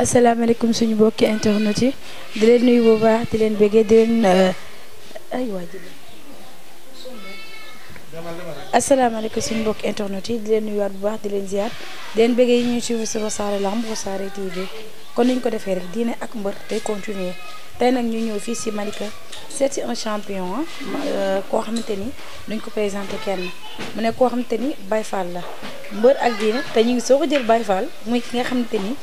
asalaamaaleykum suñu mbokki internet yi di leen nuyu bu baax di leen bëggee di leen euh, ay waa ji asalaamaaleykum suñu mbokki internet yi di leen nuyuwaat bu baax di leen ziar di leen bëggee yi ñuy suivre sur Wassare Lamb Wassare TV kon niñ ko defee rek diine ak mbër tey continuer tey nag ñu ñëw fii si Malika seet si un champion euh, koo xamante ni duñ ko présenté kenn mu ne koo xamante ni bay Fall la mbër ak diine te ñu ngi soo ko jël bay Fall muy ki nga xamante ni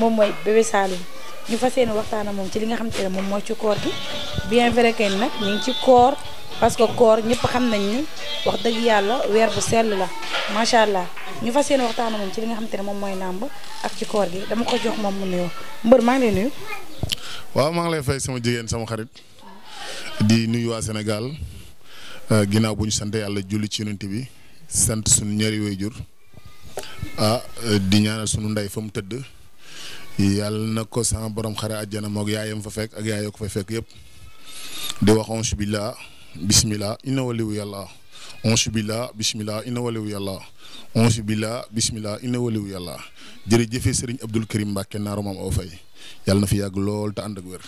moom mooy Bébé ñu fas yéene waxtaan ak moom ci li nga xamante ne moom mooy ci koor gi bien vrai que nag ñu ngi ci koor parce que koor ñëpp xam nañ ni wax dëgg yàlla weer bu sell la macha allah ñu fas yéene waxtaan ak moom ci li nga xamante ne moom mooy làmb ak ci koor gi dama ko jox moom mu nuyoo mbër maa ngi lay nuyu. waaw maa ngi lay fay sama jigéen sama xarit di nuyu waa Sénégal euh, ginnaaw bu ñu sant yàlla julli ci yonent bi sant sunu ñaari waajur ah di ñaanal sunu ndey fa mu tëdd yàlla na ko sama boroom xare àjjana moog yaayam fa fekk ak yaayoo ko fa fekk yëpp di wax onge billah bismillah inna waliyu yàlla onsi billa bisimilah inna waliwu yàlla onsi billa bisimilah inna waliwu yàlla jërëjëfe sëriñ Abdul Karim Mbàkke naaru maam aw fay yàlla na fi yàgg lool te ànd ak wér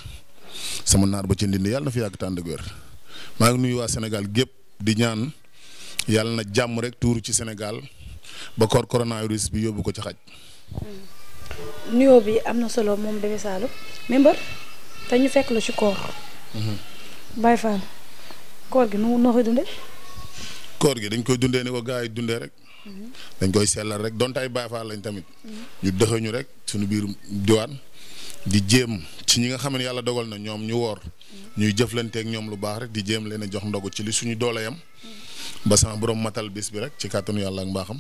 sama naar ba ci ndindi yàlla na fi yàgg te ànd ak wér maa ngi nuyu waa senegal gépp di ñaan yàlla na jàmm rek tuuru ci senegal ba koor coronavirus bi yóbbu ko ci xaj. Hmm. nuyoo bi am na solo moom Bébé Saloum mais te ñu fekk la ci koor. Mhm. Baye Fall koor gi nu noo koy dundee. koor gi dañ koy dundee ni ko gaa yi dundee rek. dañ koy sellal rek donta ay Baay Faal lañ tamit. ñu dëxëñu rek suñu biir diwaan di jéem ci ñi nga xam ne yàlla dogal na ñoom ñu woor. ñuy jëflanteeg ñoom lu baax rek di jéem leen a jox ndogu ci li suñu doole yam. ba sama borom matal bis bi rek ci kàttanu yàlla ak mbaaxam.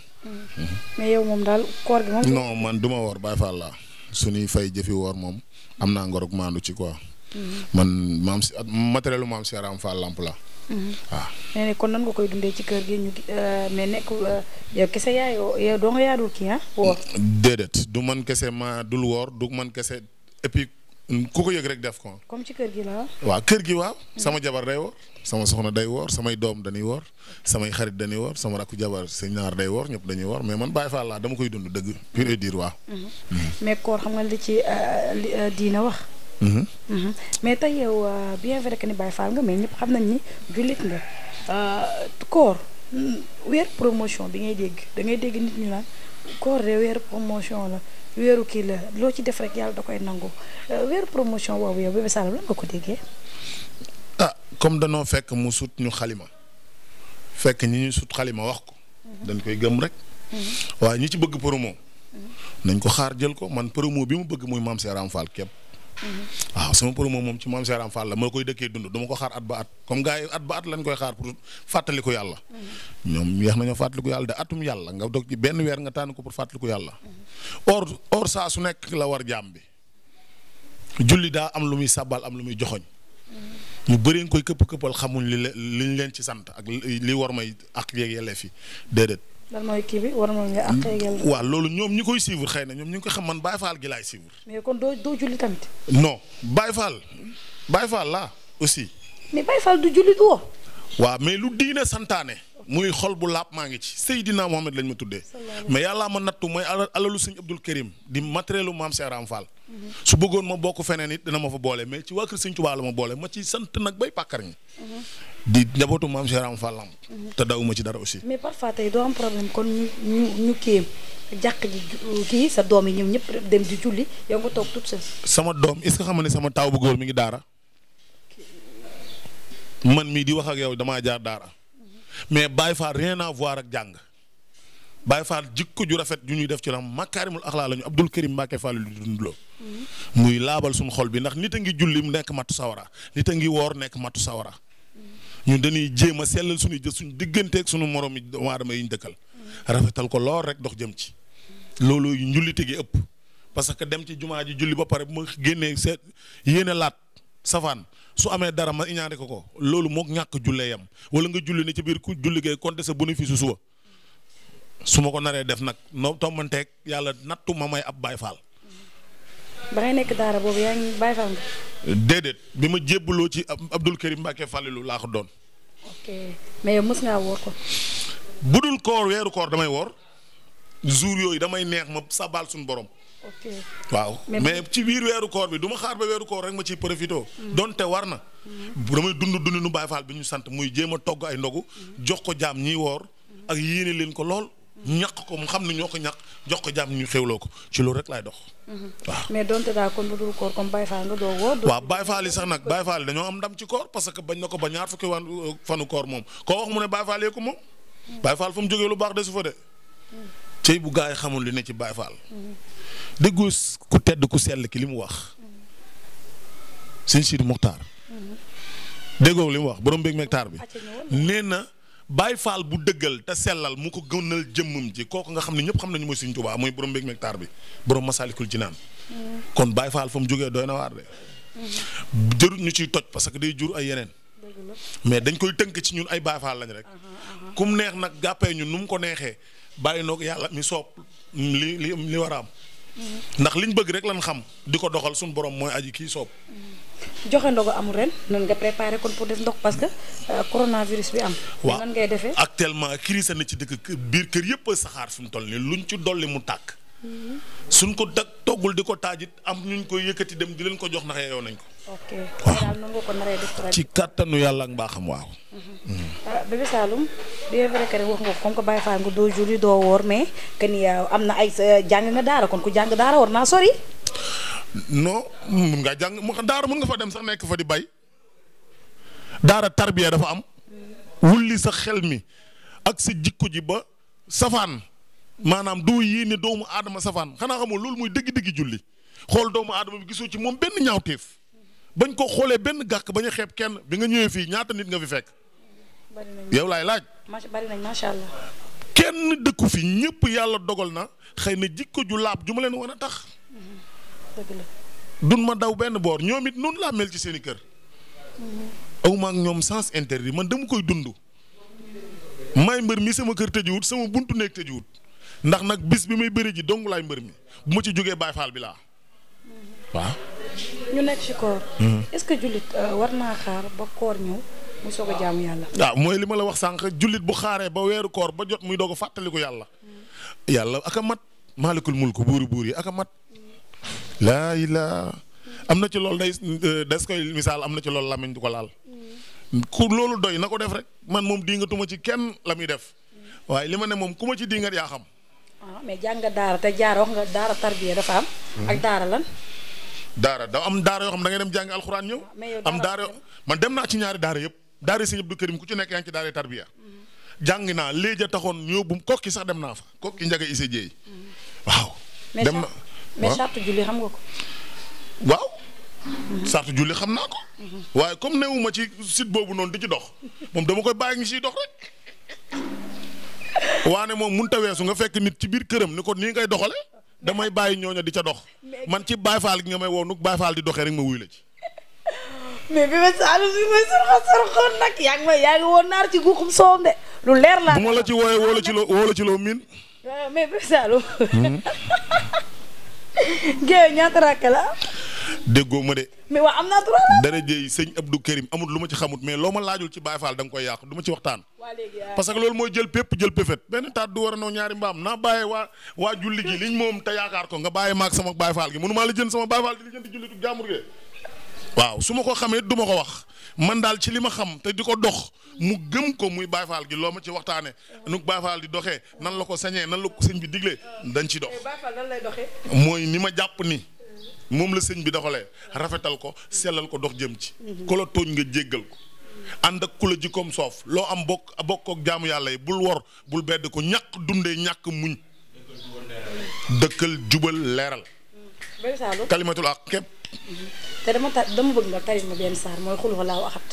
mais yow moom daal koor gi moom. non man duma ma woor Baay Faal laa suñuy fay jëfi woor moom am naa ngor ak maandu ci quoi. Mm-hmm. man maam si matériel maam si Aram Fall la waaw. nee kon nan nga koy dundee ci kër gi ñu euh, mais nekk euh, kese yaa doo nga yaadul kii ah woor. déedéet du man kese ma dul woor du man kese et mm, ku ko yëg rek def ko. comme ci kër gi la ah. waaw kër gi waaw. Mm. sama jabar day woor sama soxna day woor samay doom dañuy woor samay xarit dañuy woor sama rakku jabar sa ñaar day woor ñëpp dañuy woor mais man Baay Faal laa dama koy dund dëgg. pur et dur waaw. Mm-hmm. mais koor xam nga li ci euh, diina wax. Mm-hmm. Mm-hmm. mais tey yow euh, bien vrai que ni Baye Fall nga mais ñëpp xam nañ ni jullit nga euh, koor mm, weer promotion bi ngay dégg da ngay dégg nit ñu naan koor de weer promotion la weeru kii la loo ci def rek yàlla da koy nangu euh, weer promotion boobu yow Bébé Saloum lan nga ko déggee. ah comme danoo fekk mu sut ñu xalima fekk ñi ñu sut xalima wax ko. Mm-hmm. dañ koy gëm rek. waaye ñu ci bëgg promo. nañ ko xaar jël ko man promo bi mu bëgg muy Mame Seram Fall képp. Mm-hmm. waaw sama pour moom moom ci maam Seeraam Fall la ma koy dëkkee dund dama ko xaar at ba at comme gars yi at ba at lañ koy xaar pour fàttaliku yàlla. Mm-hmm. ñoom yeex nañoo fàttaliku yàlla de atum yàlla nga dog ci benn weer nga tànn ko pour fàttaliku yàlla. Mm-hmm. or saa su nekk la war jaam bi. julli daa am lu muy sàbbal am lu muy joxoñ mu bëri nga koy këpp këppal xamuñ li liñ leen ci sant ak li war may ak yeeg yelleef yi lan kii bi war nañu ak mm, waaw loolu ñoom ñi koy suivre xëy na ñoom ñu ngi ko xam man Baye Fall gi laay suivre. mais kon doo doo julli tamit. non Baye Fall Baye Fall laa aussi. mais Baye Fall du julli du waaw mais lu diine santaane. muy xol bu laab maa ngi ci Seydina Mohamed lañ ma tuddee. mais yàllaa ma nattu mooy alalu sëñ Abdul Karim di matérielu maam Seeraam Fall. Mhm. su bëggoon ma bokk feneen it dina ma fa boole mais ci waa kër sëñ Tuubaa la ma ma ci sant nag bay pàkkar mhm. di njabootu maam Seeraam Fall am. Mhm. te ci dara aussi. mais parfois tey doo am problème kon jàq ji kii sa doom yi ñoom ñëpp dem di julli yow nga toog sama doom is ce que ne sama taaw bu góor mi ngi daara. man mii di wax ak yow damaa jaar daara. mais baay Fall rien à voir ak jàng Baye Fall jikko ju rafet ju ñuy def ci la makaarimul axlaa lañu Abdul Karim Mbacke Fall lu dundloo mm-hmm. muy laabal suñu xol bi ndax nit a ngi julli nekk matu sawara nit a ngi woor nekk matu sawara mm-hmm. ñun dañuy jéem a sellal suñuy jë suñ digganteeg suñu moroom waadama doomu ñu dëkkal mm-hmm. rafetal ko lool rek dox jëm ci loolu njullite gi ëpp parce que dem ci jumaa ji julli ba pare bu ma génnee seet yéene laat safaan su amee dara ma ñaane ko ko loolu moog ñàkk jullee yam wala nga julli ne ci biir ku julli gay compter sa bénéfice su suba su ma ko naree def nag no tombanteeg yàlla nattu ma may ab Baay Faal. ba nekk daara boobu yaa ngi Baay Faal nga. déedéet bi ma jébbaloo ci Abdul Karim Mbacke Fallilou laa ko doon. ok mais mës ngaa woor ko. budul koor weeru koor damay woor jour yooyu damay neex ma sabaal suñu borom. waaw mais ci biir weeru koor bi duma ma xaar ba weeru koor rek ma ci profito donte war na mhm. damay dund dund nu Baay Faal bi ñu sant muy jéem a togg ay ndogu jox ko jaam ñi woor mhm. ak yéene leen ko lool mhm. ñàkk ko mu xam ne ñoo ko ñàkk jox ko jàmm ñu xew loo ko ci loolu rek laay dox. waaw mais donte kon bu dul koor comme Baye Fall nga doo woor. waaw Baye Fall yi sax nag Baye yi dañoo am ndam ci koor parce que bañ na ko ba ñaar fukki wan euh, fanu koor moom koo wax mu ne Baye yee ko moom. Baye Fall mu jógee lu baax de su fa de. cey bu gaa yi xamul li ci Baye déggoo ku tedd ku sell ki li mu wax. sëñ Sidi Muxtaar. déggoo li mu wax borom beeg mektaar bi nee na Baay Faal bu dëggal te sellal mu ko gënal jëmmam ji kooku nga xam ne ñëpp xam nañu mooy Sëñ Tuubaa mooy borom beeg mektaar bi borom Masaalikul Jinaan kon Baay Faal fa mu jógee doy na waar de. jërut ñu ciy toj parce que day jur ay yeneen. mais dañ koy tënk ci ñun ay Baay Faal lañ rek. Uh-huh, uh-huh. kum neex nag gàppee ñu nu mu ko neexee bàyyi noog yàlla mi soob li li li war a am. ndax liñ bëgg rek lan xam di ko doxal suñu borom mooy aji kii soob. joxe ndogu amul ren nan nga préparé kon pour def ndox parce que euh, coronavirus bi am. waaw nan ngay defee actuellement na ci dëkk biir kër yëpp saxaar fi mu toll nii luñ ci dolli mu tàkk. Mhm. suñ ko toggul di ko taajit am ñuñ koy yëkkati dem di leen ko jox nax yeyoo nañ ko. waaw ci kàttanu yàlla ak mbaaxam waaw. Mm-hmm. Ah, Bébé Saloum bien vrai que wax nga ko comme que Baye Fall nga doo julli doo woor mais que ah, am na ay ah, jàng nga daara kon ku jàng daara war naa sori. non mun ngaa jàng mu daara mun nga fa dem sax nekk fa di bay daara tarbiya dafa am. Mm-hmm. wulli sax xel mi ak sa jikko ji ba safaan maanaam doo yéene doomu aadama safaan xanaa xamul loolu mooy dëgg-dëgg julli xool doomu aadama bi gisoo ci moom benn ñaawteef. bañ ko xoolee benn gàkk bañ a xeeb kenn bi nga ñëwee fii ñaata nit nga fi fekk. yow laay laaj. bari macha allah. kenn dëkku fi ñëpp yàlla dogal na xëy na jikko ju laab ju ma leen war a tax. dëgg dun ma daw benn boor ñoom it noonu laa mel ci seeni kër. aw ma ak ñoom sens interdit man dama koy dund. may mbër mi sama kër tëjuwut sama buntu nekk tëjuwut ndax nag bis bi may bëri ji dong laay mbër mi bu ma ci jógee baay faal bi laa waaw. ñu nekk ci koor. est-ce que jullit euh, war naa xaar ba koor ñëw mu soog a jaamu yàlla. waaw ah, mooy li ma la wax sànq jullit bu xaaree ba weeru koor ba jot muy doog a fàttaliku yàlla. yàlla aka mat maalikul mulku buuri buur yi ak a mat. laa am na ci lool day euh, des koy misaal am na ci lool lamiñ du ko laal. ku loolu doy na ko def rek man moom diingatuma ci kenn la muy def. waaye li ma ne moom ku ma ci dingat yaa xam. Ah, mais jàng daara te jaar wax nga daara tarbiya daara da am daara yoo xam dangay dem jàngi alxuraan ñëw. Ah, am daara man dem naa ci ñaari daara yëpp daara Sëñ Abdou Karim ku ci nekk yaa ngi ci daara tarbiya mm-hmm. jàng naa léegi taxoon ñëw bu kokki sax dem naa fa kokki njaga Issa Dieye mm-hmm. waaw. sartu julli xam nga ko. Mm-hmm. xam naa ko. waaye comme newuma ci site boobu noonu di ci dox moom dama koy bàyyi ngi siy dox rek. waane moom mun a weesu nga fekk nit ci biir këram ni ko nii ngay doxale damay bàyyi ñooña di ca dox. man ci Baye Fall gi nga may woo nu Baye Fall di doxee rek ma wuyu la ci. mais bi ma saalu bi may surxa surxoon nag yaa ngi may woon naar ci guuxum soom de lu leer la ci la ci loo woo la ci loo miin. Euh, mais bi saalu. Hmm. ñaata rakk la. déggoo ma de. mais waa am naa droit la. dara Karim amul lu ma ci xamut mais loo ma laajul ci Baye Fall da koy yàq du ma ci waxtaan. parce que loolu mooy jël pépp jël péfet benn taat du war ñaari mbaam naa bàyyee waa waa julli gi liñ moom te yaakaar ko nga bàyyi maak sama Baye Fall gi mënu maa la jën sama Baye Fall di lijjanti jullitu jàmbur gi waaw su ma ko xamee du ma ko wax man daal ci li ma xam te di ko dox mu gëm ko muy Baye Fall gi loo ma ci waxtaane nu Baye di doxee nan la ko sañee nan la ko sëñ bi diglee dañ ci dox mooy ni ma jàpp ni moom la sëñ bi doxalee rafetal ko sellal ko dox jëm ci ku tooñ nga jéggal ko ànd ak ku jikkoom soof loo am bokk bokk ak jaamu yàlla yi bul wor bul bedd ko ñàkk dundee ñàkk muñ dëkkal jubal leeral kalimatul ak képp mm-hmm. te dama ta dama bëgg nga tari ma benn saar mooy xul wallaahu ahad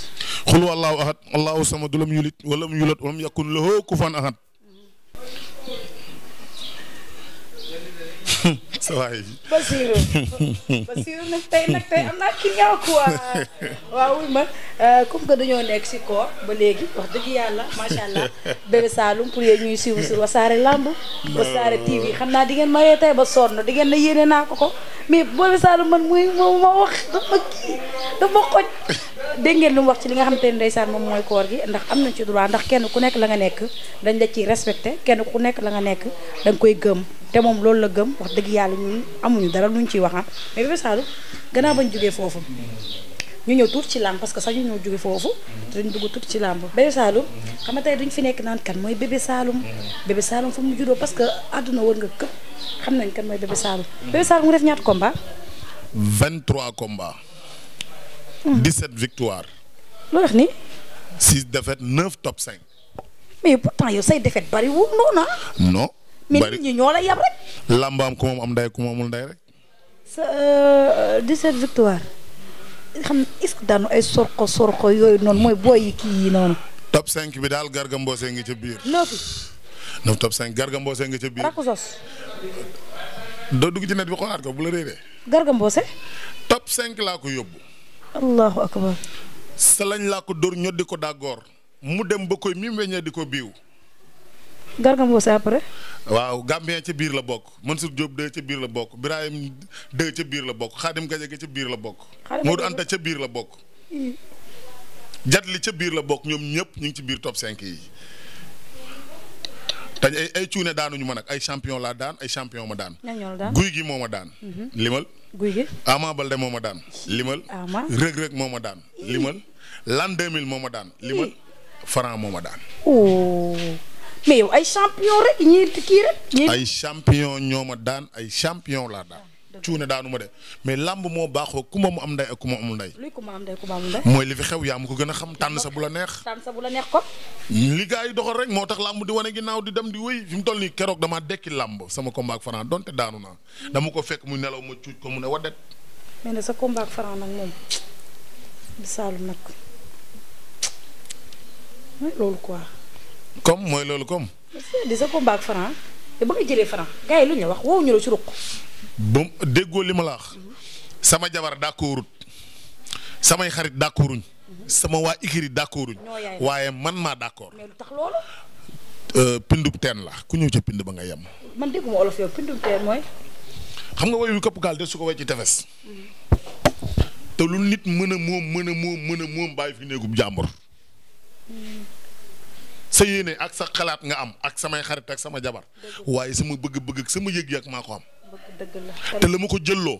xul wallaahu ahad allahu samad lam yulit walam yulat walam yakun lahu kufuwan ahad sa waay. Basirou tey nag tey am naa ki ñaaw quoi waaw wuy ma euh, comme que dañoo nekk si koor ba léegi wax dëgg yàlla macha allah Bébé Saloum pour yéen ñuy suivre saare làmb Lamb. Wassare oh. TV xam naa di ngeen maree tey ba sonn di ngeen ne yéene naa ko ko mais Bébé Saloum man muy moom ma wax dafa kii dafa xoj. dégg ngeen lu mu wax ci li nga xam xamante ne ndeysaan moom mooy koor gi ndax am nañ ci droit ndax kenn ku nekk la nga nekk dañ la ciy respecté kenn ku nekk la nga nekk da koy gëm te moom loolu la gëm wax dëgg yàlla ñun amuñu dara luñ ciy wax ah mais Bébé Saloum gannaaw bañ jógee foofu ñu ñëw tuuti ci làmb parce que sax ñu ñëw jóge foofu te duñ dugg tuuti ci làmb Bébé Saloum xam nga tey duñ fi nekk naan kan mooy Bébé Saloum Bébé Saloum fu mu juddoo parce que àdduna wër nga këpp xam nañ kan mooy Bébé Saloum Bébé Saloum nga def ñaata combat 23 combats 17 hmm. victoires loo wax ni 6 défaites 9 top 5 mais pourtant yow say défaites bariwul noonu ah. non mais nit ñi ñoo la yab rek. làmbaam ku moom am nday ku moom nday rek. sa 17 euh, victoire xam est-ce que daanu ay sorko sorko yooyu noonu mooy booy kii yi noonu. top 5 bi daal Garga Mbossé ngi ca biir. noo fi. noo top ca biir. Rakusos. doo dugg ci net bi xoolaat ko bu la réeree. Garga Mbossé. top 5 laa ko yóbbu. allahu sa lañ laa ko dóor ñoddi ko dàggoor mu dem ba koy mim weññee di ko biiw. Garga Mbossé après. waaw Gambien ca biir la bokk mën Diop de ca biir la bokk Birahim de ca biir la bokk Khadim Gadiaga ca biir la bokk. Modou ca biir la bokk. Jatli ca biir la bokk ñoom ñëpp ñu ngi ci biir top 5 yi. te ay ay cuune daanuñu ma nag ay champion laa daan ay champion ma daan. guy gi moo ma daan. Mhm. limal. guy Balde moo ma daan. limal. Rëg Rëg moo ma daan. limal. L'an 2000 moo ma daan. limal. Franc moo ma daan. Oh. mais yow ay champion rek ñii kii rek. ay champion ñoo ma daan ay champion laa daan. Ah, cuune daanu ma de mais làmb moo baaxoo ku ma mu am ndey ak ku ma ndey. mooy li fi xew yaa mu ko gën a xam tànn sa bu la neex. tànn ko. li yi doxal rek moo tax làmb di wane ginnaaw di dem di wéy fi mu toll nii keroog damaa dekki lamb sama combat ak Franc donte daanu naa. dama ko fekk mu nelaw ma cuuj ko mu ne wadet. mais nag sa combat ak nag moom bisaalu nag comme mooy loolu comme. di ba nga jëlee Franc gars lu ñu wax woo ñu la ci ruq. bu déggoo li ma la wax. sama jabar d'accordut samay xarit d'accorduñ sama waa Ikiri d'accorduñ waaye man maa d'accord. mais lu tax euh, pindub teen la ku ñëw ca pind ba nga yem. man xam nga woy wi këpp gaal de su ko way ci tefes. Mm-hmm. te lu nit mën a moom mën a moom mën a moom bàyyi fi néegub jàmbur. Mm-hmm. sa yéene ak sa xalaat nga am ak samay xarit ak sama jabar waaye sama bëgg-bëgg sama yëg yàgg maa ko am te la ma ko jëlloo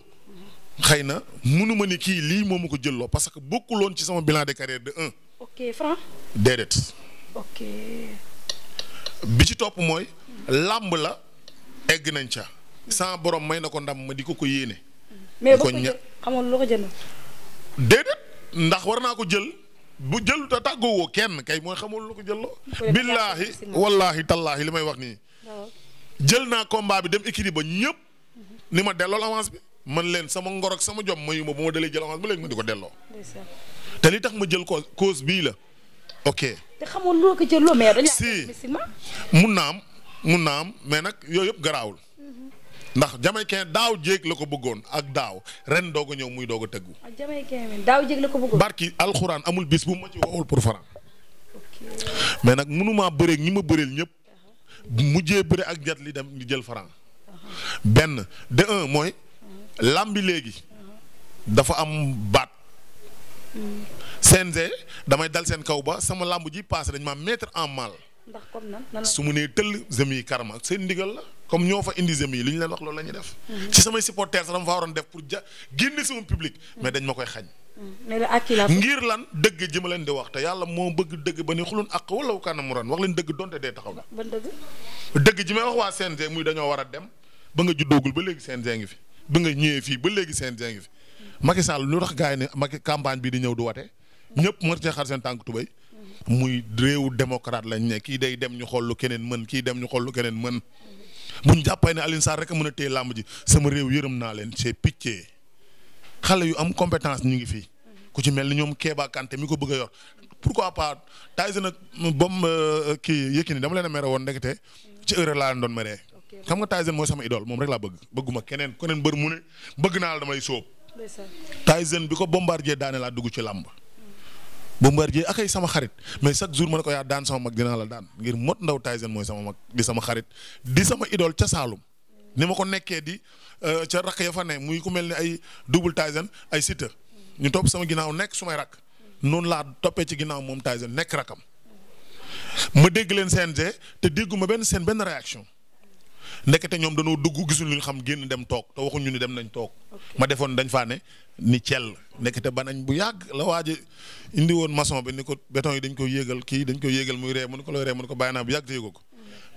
xëy na mënu ma ni kii lii moo ma ko jëlloo parce que bokkuloon ci sama bilan de carrière de un. déedéet. bi ci topp mooy. làmb la egg nañ ca. sans borom may na ko ndam ma di ko ko yéene. mais boo ko jël déedéet ndax war naa ko jël. bu jël ta tàggoowoo kenn kay mooy xamul loo ko jël la billaahi wallaahi tallaahi li may wax nii jël naa combat bi dem équilibre ba ñëpp ni ma delloo avance bi man leen sama ngor sama jom mayu ma bu ma dalee jël avance ba léegi ma di ko delloo te li tax ma jël cause cause bii la ok te xamoon lu si mun naa am mun naa am mais nag yooyu yëpp garaawul ndax jamaïcain daaw jéeg la ko bëggoon ak daaw ren doog a ñëw muy doog tëggu. ah jamaïcain ko bëggoon. alxuraan amul bis bu ma ci waxul pour faran. mais nag mënumaa bëree ñi ma bëreel ñëpp. mujjee bëre ak jat li dem ñu jël faran. benn de un mooy. làmbi léegi. dafa am baat. CNG damay dal seen kaw ba sama làmb ji paase dañ ma mettre en mal. su mu nee tëll zëm yi karma seen ndigal la. comme ñoo fa indi zemi li ñu leen wax loolu la ñuy def. Mhm. ci samay supporters sax dama faa waroon def pour ja génne sama public. Mhm. mais dañ ma koy xañ. Mhm. ngir lan dëgg ji ma leen di wax te yàlla moo bëgg dëgg ba ni xulun ak wala kaana mu ran wax leen dëgg donte dee taxaw na. dëgg. ji may wax waa CNG muy dañoo war a dem ba nga juddoogul ba léegi CNG ngi fi ba nga ñëwee fii ba léegi CNG ngi fi. Macky Sall lu tax gars yi ne Macky campagne bi di ñëw du wate. ñëpp mën cee xar seen tànk tubéy muy réewu démocrate lañ ne kii day dem ñu xool keneen mën kii dem ñu xool lu keneen mën mu ñu jàppee alin Alioune Sarr rek a mën a téye làmb ji sama réew yërëm naa leen c'est pitié xale yu am compétence ñu ngi fi. ku ci mel ni ñoom Kéba Kanté mi ko bëgg a yor pourquoi pas Tyson nag bom euh, kii Yékini dama leen a mere woon ndekete ci heure laa leen doon mere xam nga Tyson mooy sama idole moom rek laa bëgg bëgguma keneen keneen bër mu ne bëgg naa la damay sóob. Tyson bi ko bombardier daane laa dugg ci làmb Bombardier akay sama xarit mais chaque jour ma ne ko yaa daan sama mag dinaa la daan ngir mot ndaw Tyson mooy sama mag di sama xarit di sama idole ca Saalum ni ma ko nekkee di euh, ca rakk ya fa ne muy ku mel ni ay double Tyson ay Siteu ñu topp sama ginnaaw nekk su may rakk noonu laa toppee ci ginnaaw moom Tyson nekk rakam ma dégg leen CNG te dégguma benn seen benn réaction. ndekete ñoom danoo dugg gisul lu ñu xam génn dem toog te waxuñu ni dem nañ toog. ma defoon dañ faa ne ni cell ba nañ bu yàgg la waaj indi woon maçon bi ni ko béton yi dañ ko yéegal kii dañ koy yéegal muy ree mu ne ko looy ree mu ne ko bàyyi bu yàgg te yëgu ko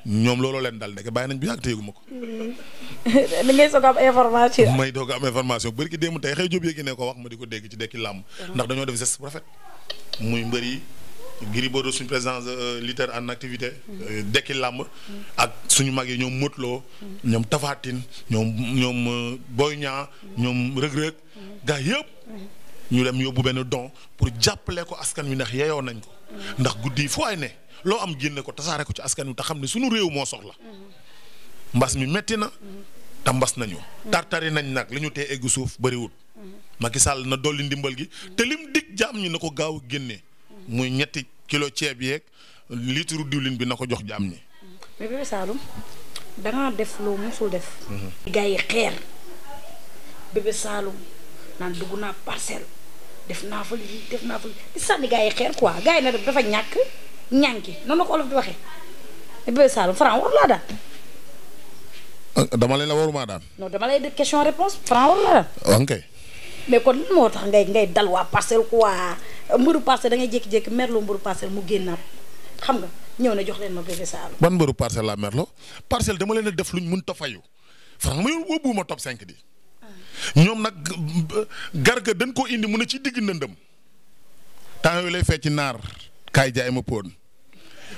ñoom leen dal ndeke bàyyi nañ bu yàgg te yëgu ma ko. Mm-hmm. li ngay soog am information. may doog am information bari ki démb tey xëy Jóob yéegi ne ko wax ma di ko dégg ci dekki làmb. Mm-hmm. ndax dañoo def geste bu rafet muy mbër yi Gris Bordeaux suñu président euh, leader en activité. Euh, dekki làmb ak suñu mag yi ñoom Modou Lo ñoom Tapha Tine ñoom ñoom euh, Boy ñaa ñoom Reug Reug gaa yëpp ñu dem yóbbu benn don pour jàppale ko askan wi ndax yeyoo nañ ko ndax guddi yi foo ay ne loo am génne ko tasaare ko ci askan wi te xam ne suñu réew moo soxla mbas mi metti na te mbas nañu tari nañ nag li ñu tee eggu suuf bëriwul Macky Sall na dolli ndimbal gi te lim dig jaam ñi na ko gaaw génnee muy ñetti kilo ceeb yeeg litre diwlin bi na ko jox jaam ñi. mais Bébé Saloum da nga def loo musul def. Mhm. gars yi xeer def naa fa lii naa fa yi xeer quoi gars yi na def dafa ñàkk ñànki noonu la ko olof di waxee mais Bébé Saloum Franc war laa euh, dama leen la waruma daan. non dama lay def question réponse Franc war laa daan. ok. kon moo tax ngay ngay dal waa parcelle quoi. mburu parcelle da ngay jékki-jékki merloo mburu parcelle mu génnaat xam nga ñëw na jox leen ma bébé Saloum. ban mbëru parcelle laa merloo parcelle dama leen a def luñ mun ta fayu Franc ma yóbbu ma top 5 di. nag garga dañ koo indi mu ne ci digg ndëndëm. temps yooyu lay fecc naar kaay jaay ma poon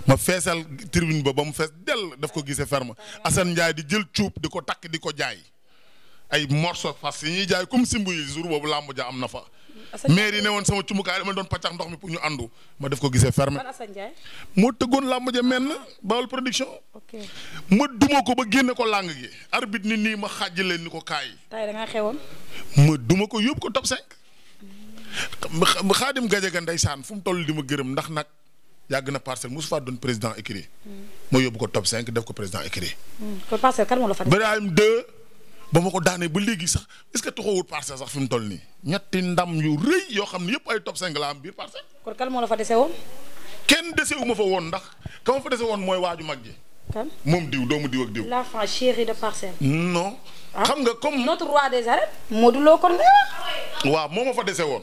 ma feesal tribune ba ba mu fees dell daf ko gisee ferme Assane Ndiaye di jël cuub di ko takk di ko jaay ay morceaux fas yi ñuy jaay comme si yi jour boobu làmb ja am na fa. maire yi ne woon sama cumukaay dama doon pàccax ndox mi pour ñu àndu ma def ko gisee fermé moo tëggoon làmb ja mel na bawal production ma duma ko ba génne ko làng gi arbitre ni nii ma xàjj leen ni ko kaay ma duma ko yóbbu ko top cinq xaadim gajaga ndeysaan fu mu toll di ma gërëm ndax nag yàgg na parcelle mosu faa doon président écrit hmm. ma yóbbu ko top cinq def ko président écrit hmm. Ibrahim deux ba ma ko daanee ba léegi sax est-ce que taxawut parcelle sax fi toll nii ñetti ndam yu rëy yoo xam ne yëpp ay top 5 la am biir parcelle. kon dese kenn dese wu ma fa woon ndax ka ma fa dese woon mooy waaju mag ji. moom diw doomu diw ak diw. l'enfant chéri de parcelle. non. Ah. xam nga comme notre roi des moo Modou Lo kon nga. waaw moo ma fa dese woon.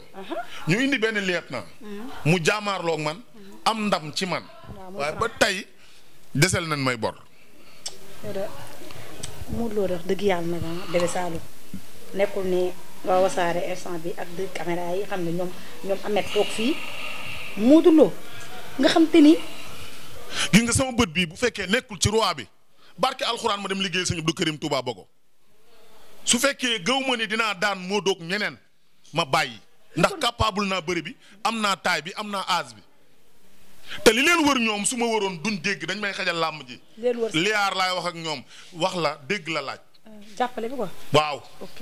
ñu indi benn leet na. Mhm. mu jaamaarloog man. am ndam ci man. waaye ba tey desel nañ may bor. Modou Lo de wax dëgg yàlla nag ah Bébé Saloum nekkul ne waa wasaare bi ak deux caméra yi xam ne ñoom ñoom amet toog fii Modou Lo nga xam te ni. gis sama bët bii bu fekkee nekkul ci roi bi barke alxuraan ma dem liggéey sëñ Abdou Karim Touba Bogo su fekkee gëw ma ni dinaa daan moo doog ñeneen ma bàyyi ndax capable naa bëri bi am naa taay bi am naa âge bi. te li leen wër ñoom su ma waroon duñ dégg dañ may xajal làmb ji. liyaar laay wax ak ñoom wax la dégg la laaj. jàppale waaw. ok.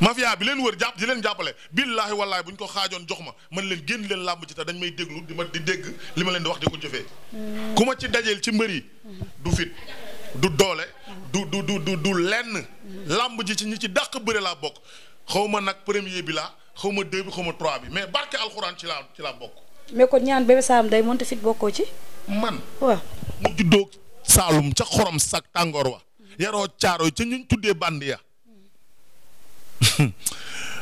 bi leen wër jàpp ji leen jàppale billaahi wallaahi bu ñu ko xaajoon jox ma man leen génn leen làmb ji te dañ may déglu di ma di dégg li ma leen di wax di ko jëfee. Hmm. ku ma ci dajeel ci mbër yi. du fit du doole. du du du lenn. Hmm. làmb ji ci ñi ci daq bëre laa bokk xaw ma nag premier bi laa xaw ma deux bi xaw ma trois bi mais barke alxuraan ci laa ci laa bokk. mais kon ñaan bébé Saloum day monte fit bokkoo ci. man waaw mu juddoo Saloum ca xorom sak tàngoor wa yaroo caaro ca ñu tuddee bànd ya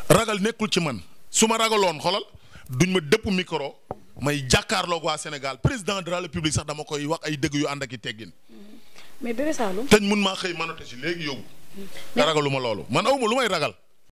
ragal nekkul ci man su ma ragaloon xolal duñ ma dëpp micro may jàkkaarloog waa Sénégal président de la république sax dama koy wax ay dëgg yu ànd ak i teggin. mais bébé Saloum. te mun maa xëy manote ci léegi yow. nga mm. ragalu ma loolu man awuma lu may ragal.